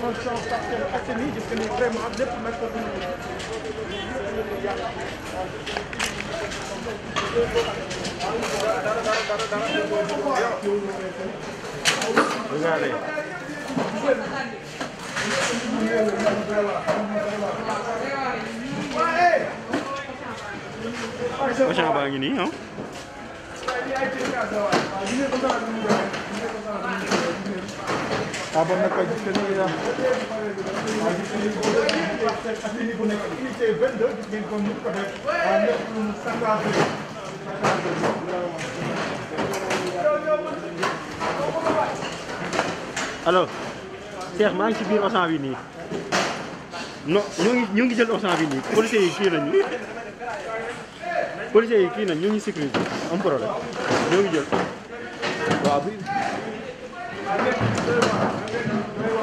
conscience partielle assainie je tenais vraiment lépp nag ko dund Regardez. Machin baa ngi nii ah. abonné ko ci seen i waaye gis nañu ko parce que at bu nekk unité 22 gis ngeen ko ni ko def waaye lépp maa ngi ci biir osan bi nii non ñu ñu ngi jël osan bi nii policiers kii nañu policiers yi kii am problème ñoo ngi ok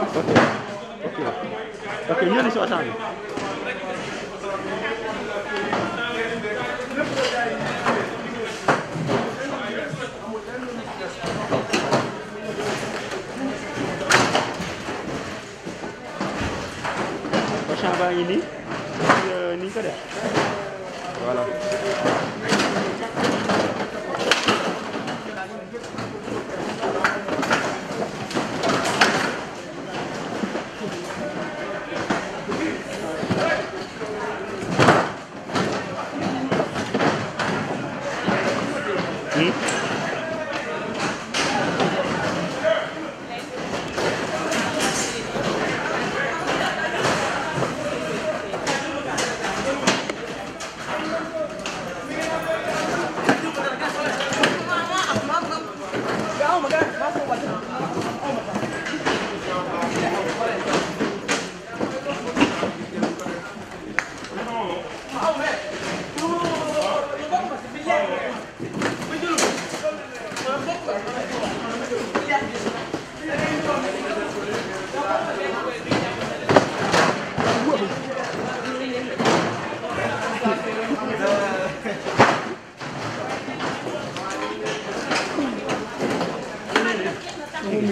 ok ok ñëw si waxtaan bi baa ngi nii ni ñu ko def voilà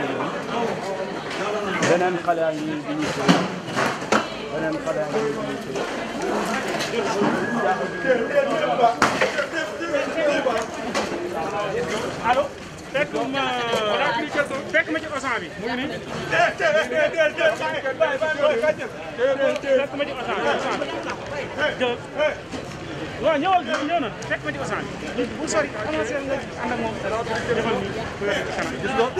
bi beneen xale a ngi nii bi ñuy sëy beneen xale a ngi nii bi ñuy sëy allo fekk ma fekk ma ci osan bi mu ngi nii fekk ma ci osan bi waaw ñëwal ñëw na fekk ma ci osan bi bu sori annoncé nga ànd ak moom defal nii gis nga